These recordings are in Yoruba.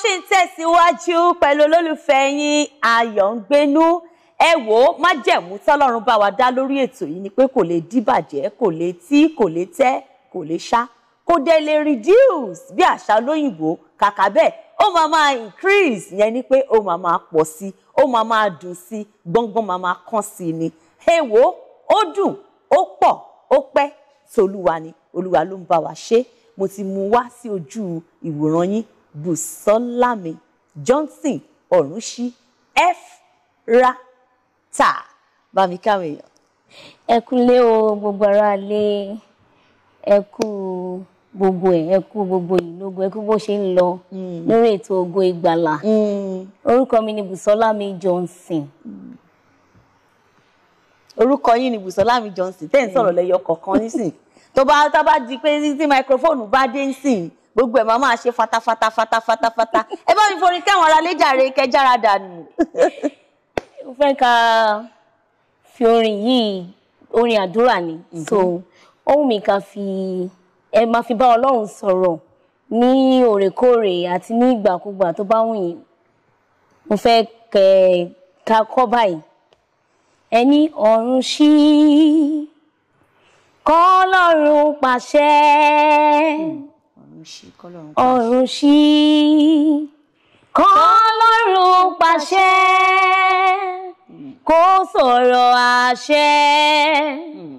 ṣì ń tẹ̀síwájú pẹ̀lú olólùfẹ́ yín Ayọ̀ǹgbénú ẹ wò ó májẹ̀mú tọ́lọ́run bá wa dá lórí ètò yìí ni pé kò lè dìbàjẹ́ kò lè tí kò lè tẹ́ kò lè ṣá kò dẹ̀ lè reduce bí àṣà olóyìnbó kàkà bẹ́ẹ̀ ó máa máa increase yẹn ni pé ó máa máa pọ̀ sí i ó máa máa dùn sí i gbọ́ngbọ́n máa máa kàn sí i ni ẹ wò ó ó dùn ó pọ̀ ó pẹ́ tolúwa ni olúwa ló ń bá wa ṣe mo ti mú wá sí ojú ìwòran yín Bùsọ́lámi Johnson Ọ̀rúnṣí F ra ta bàmí káwọn èèyàn. ẹ kúlé o gbogbo ara lé ẹ kú gbogbo ẹ ẹ kú gbogbo ìlógo ẹ kú bó ṣe ń lọ mm. lórí ètò Ògo Ìgbàlà mm. orúkọ mi ni Bùsọ́lámi Johnson. Mm. orúkọ yín ni Bùsọ́lámi Johnson tẹ́ ń sọ̀rọ̀ lẹ́yọ kọ̀ọ̀kan nísìn tó bá tá bá di pé tí microphone bá dé nísìn gbogbo ẹ̀ máa máa ṣe fatafata fatafata fata ẹ bá mi forí kẹ́wọ̀n ara léjàre kẹjára dànù. mo fẹ́ ka fi orin yìí orin àdúrà ni mhm. so ohun mi kà fi ẹ máa fi bá ọlọ́run sọ̀rọ̀ ní òrèkóòrè àti ní ìgbàkúgbà tó bá wù yín mo fẹ́ kẹ ká kọ́ báyìí ẹni ọ̀run ṣí kọ́ lọ́run pàṣẹ. Mm ọ̀run ṣí kọ́lọ́run pàṣẹ. ọ̀run ṣí kọ́lọ́run pàṣẹ hmm. kó sọ̀rọ̀ àṣẹ hmm.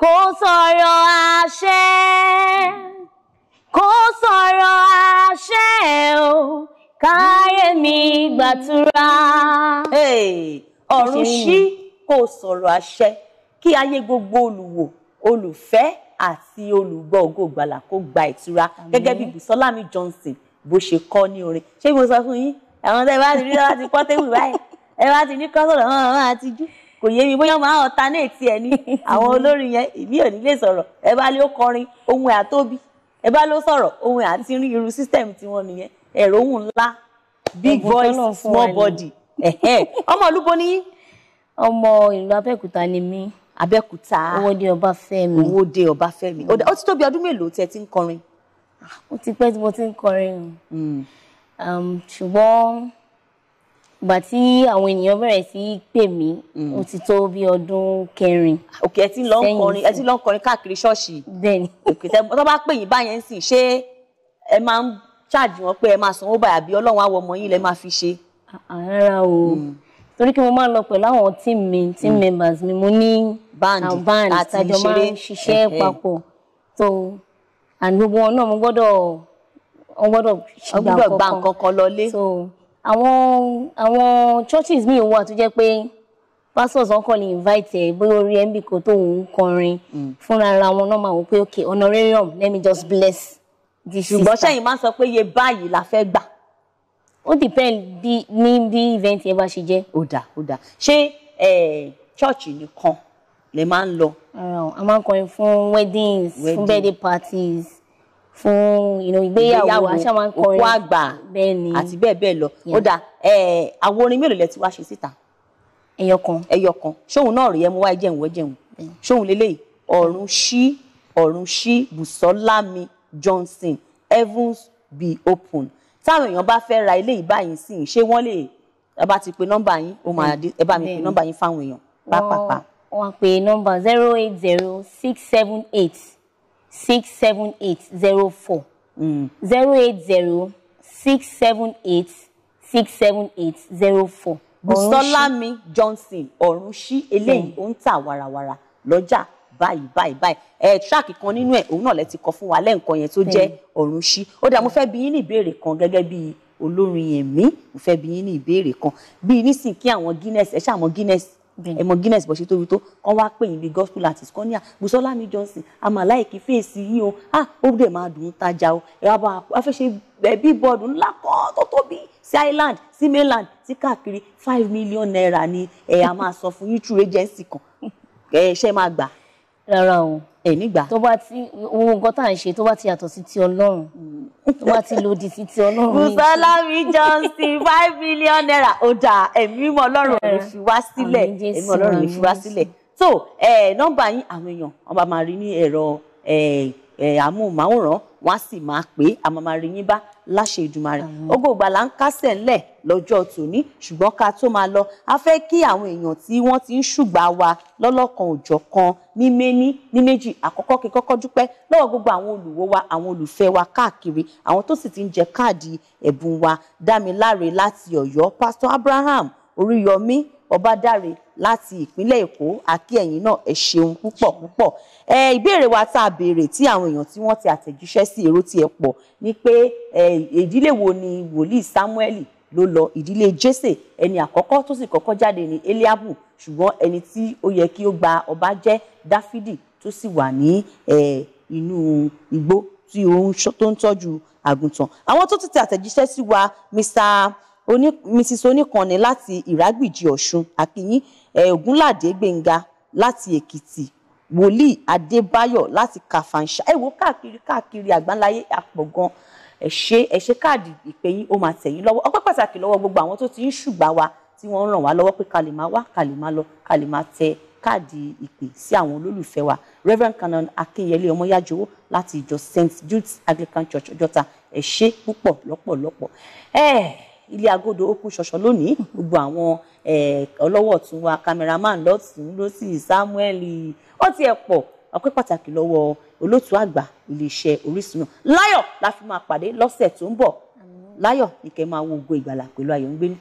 kó sọ̀rọ̀ àṣẹ kó sọ̀rọ̀ àṣẹ o káyémi gbàtúrà. ọ̀run ṣí kó sọ̀rọ̀ àṣẹ kí ayé gbogbo olùwò olùfẹ́ àti olùgbọ́ Ògo Ìgbàlà kó gba ìtura gẹ́gẹ́ bí Bùsọ́lámi Johnson bó ṣe kọ́ ní orin ṣé mo sọ fún yín àwọn tẹ́ bá ti rí láti pọ́ tébù báyìí ẹ bá ti ní kọ́sọ̀rọ̀ wọn àwọn àti jú kò yé mi bóyá wọn á ọ̀tánẹ́ẹ̀tì ẹ̀ ní àwọn olórin yẹn èmi ò ní lè sọ̀rọ̀ ẹ bá lé ó kọrin ohun àtóbi ẹ bá ló sọ̀rọ̀ ohun àti rí irú system tiwọn nìyẹn ẹ̀rọ ohun ńlá big voice small body ọmọ olúbo ni yín. ọmọ ìlú Abẹ́òkúta ni mí abẹ́òkúta owóde ọbáfẹ́mi owóde ọbáfẹ́mi ó ti tó bí ọdún mélòó tí ẹ ti ń kọrin. Ah, ó ti pẹ́ tí mo ti ń kọrin o hmm. um, ṣùgbọ́n ìgbà tí àwọn ènìyàn bẹ̀rẹ̀ sí í pè mí hmm. ó ti tó bí ọdún kẹrin. òkè ah, ẹ ti lọ ń kọrin ẹ ti lọ ń kọrin káàkiri ṣọ́ọ̀ṣì. bẹ́ẹ̀ni òkè tó bá pè yín báyẹn sì ṣé ẹ máa ń ṣáàjì wọn pé ẹ máa sanwó báyà bí ọlọ́run àwọn ọmọ yín lẹ máa fi ṣe. Ah, rárá o hmm. torí kí mo máa lọ pẹ̀lú àwọn team mi team members mi mo ní band àti ìṣeré ṣiṣẹ́ papọ̀ tó and gbogbo wọn náà mo gbọ́dọ̀ wọn gbọ́dọ̀ gbà nǹkan kan lọlé. so àwọn àwọn churches míì wà tó jẹ́ pé pastors wọn kàn lè invite ẹ bóyá orí ẹ ń bì kó tó òun kọrin mm. fúnra ara wọn náà máa wò pé ok honorarium let me just bless this. sister. ṣùgbọ́n sẹ́yìn máa ń sọ pé iye báyìí la fẹ́ gbà ó depend bí ní bí event yẹn bá ṣe jẹ́. ó dà ó dà ṣé eh, church nìkan lè máa ń lọ. a máa ń kọrin fún weddings fún birthday parties fún ìgbéyàwó àṣà máa ń kọrin òkú àgbà àti bẹ́ẹ̀ bẹ́ẹ̀ lọ ó dà àwọn orin mélòó lẹ ti wá ṣe síta. ẹyọ kan ẹyọ kan ṣóhun náà rí ẹ mú wá jẹun wẹ jẹun ṣóhun lélẹyìí ọ̀run ṣí ọ̀run ṣí bùsọ́lámi johnson evans be open táwọn èèyàn bá fẹ́ ra ilé ìbáyìí sí ṣé wọ́n lè ẹ bá ti pe nọ́mbà yín ẹ bá mi pe nọ́mbà yín fáwọn èèyàn pápápá wọ́n pe nọ́mbà zero eight zero six seven eight six seven eight zero four mm. zero eight zero six seven eight six seven eight zero four. Bùsọ́lámi Johnson Ọ̀rúnṣí eléyìí ó ń tà wàràwàrà lọ́jà báyìí báyìí báyìí ẹ tíráàkì kan nínú ẹ òun náà lẹ ti kọ fún wa lẹ́ǹkan yẹn tó jẹ́ ọ̀run ṣí ó dà mo fẹ́ bi yín ní ìbéèrè kan gẹ́gẹ́ bí olórin ẹ̀mí mo fẹ́ bi yín ní ìbéèrè kan bí nísìn kí àwọn Guinness ẹ ṣàmọ Guinness ẹ mọ Guinness bó ṣe tóbi tó kọ́ wá pè yín gospel artist kọ́ ní à ah, Bùsọ́lá mi Johnson àmọ́ láìkí fèsì yìí o ah ó dẹ̀ máa dùn ún tajà o ẹ wá bá a fẹ́ ṣe eh, bíbọ́ọ̀dù ńlá kan tó tóbi sí island sí mainland sí káàkiri five million naira ni ẹ a máa sọ fún yín through agency kan ẹ ṣe máa gbà. rárá o ẹ nígbà. tó bá ti ohun nǹkan tá à ń ṣe tó bá ti yàtọ̀ sí ti ọlọ́run tó bá ti lòdì sí ti ọlọ́run. Bùsọ́lámi Johnson five million naira ó dáa ẹ̀mí mọ́ ọlọ́run lè fi wá sílẹ̀ ẹ̀mí ọlọ́run lè fi wá sílẹ̀ tó nọ́mbà yín àwọn èèyàn wọ́n máa rí ní ẹ̀rọ amóhùnmáwòrán wá sì máa pé àmàmàrí yín bá láṣẹ Èdùmàrè ògo ìgbàlà là ń kásẹ̀ ńlẹ̀ lọ́jọ́ tòní ṣùgbọ́n ká tó máa lọ a fẹ́ kí àwọn èèyàn tí wọ́n ti ń ṣùgbà wa lọ́lọ́kan òjọ̀ kan ní méní ní méjì àkọ́kọ́ kí kọ́kọ́ dúpẹ́ lọ́wọ́ gbogbo àwọn olùwò wa àwọn olùfẹ́ wa káàkiri àwọn tó sì ti ń jẹ káàdì ẹ̀bùn wa Dámiláre láti Ọ̀yọ́ Pastor Abraham Oríyọmí Ọbádáre láti ìpínlẹ̀ Èkó àkí ẹ̀yin náà ẹ ṣeun púpọ̀ púpọ̀ ẹ ìbéèrè wa tá a béèrè tí àwọn èèyàn tí wọ́n ti àtẹ̀jíṣẹ́ sí èrò tiẹ̀ pọ̀ ni pé ìdílé wo ni wòlíì Samuel ló lọ ìdílé Jésè ẹni àkọ́kọ́ tó sì kọ́kọ́ jáde ní Eliabu ṣùgbọ́n ẹni tí ó yẹ kí ó gba ọba jẹ́ Dáfídì tó sì wà ní inú igbó tí ó ń tọ́jú àgùntàn àwọn tó ti tẹ àtẹ̀jíṣẹ́ sí wa Mr oní mrs oníkànnì láti ìrágbìjí ọ̀ṣun àkìyìn ògúnládé gbẹ̀ngà láti èkìtì wòlíì adébáyọ̀ láti kàfàǹṣà ẹ wo káàkiri káàkiri àgbáńláyé àpọ̀ gan ẹ ṣé ẹ ṣé káàdì ìpè yín ó máa tẹ̀ yín lọ́wọ́ ọpẹ́ pàtàkì lọ́wọ́ gbogbo àwọn tó ti ń ṣùgbà wa tí wọ́n ń ràn wá lọ́wọ́ pé ká lè máa wá ká máa lọ ká máa tẹ káàdì ìpè sí àwọn olólùfẹ́ wa reverend canon akinyele ọmọyájowó láti ìjọ st jude's anglican church ọjọ́ta ẹ ṣé púpọ̀ lọ́pọ̀lọpọ̀ ẹ ilé agodo ó kú ṣọṣọ lónìí gbogbo àwọn ọlọ́wọ́ tún wa cameraman lọ́tún lọ́sì Samuel ó ti ẹ̀ pọ̀ ọpẹ́ pàtàkì lọ́wọ́ olóòtú àgbà iléeṣẹ́ Orísun náà láyọ̀ la fi máa pàdé lọ́sẹ̀ tó ń bọ̀ láyọ̀ ni kẹ́ máa wo Ògo Ìgbàlà pẹ̀lú Ayọ̀ngbénu.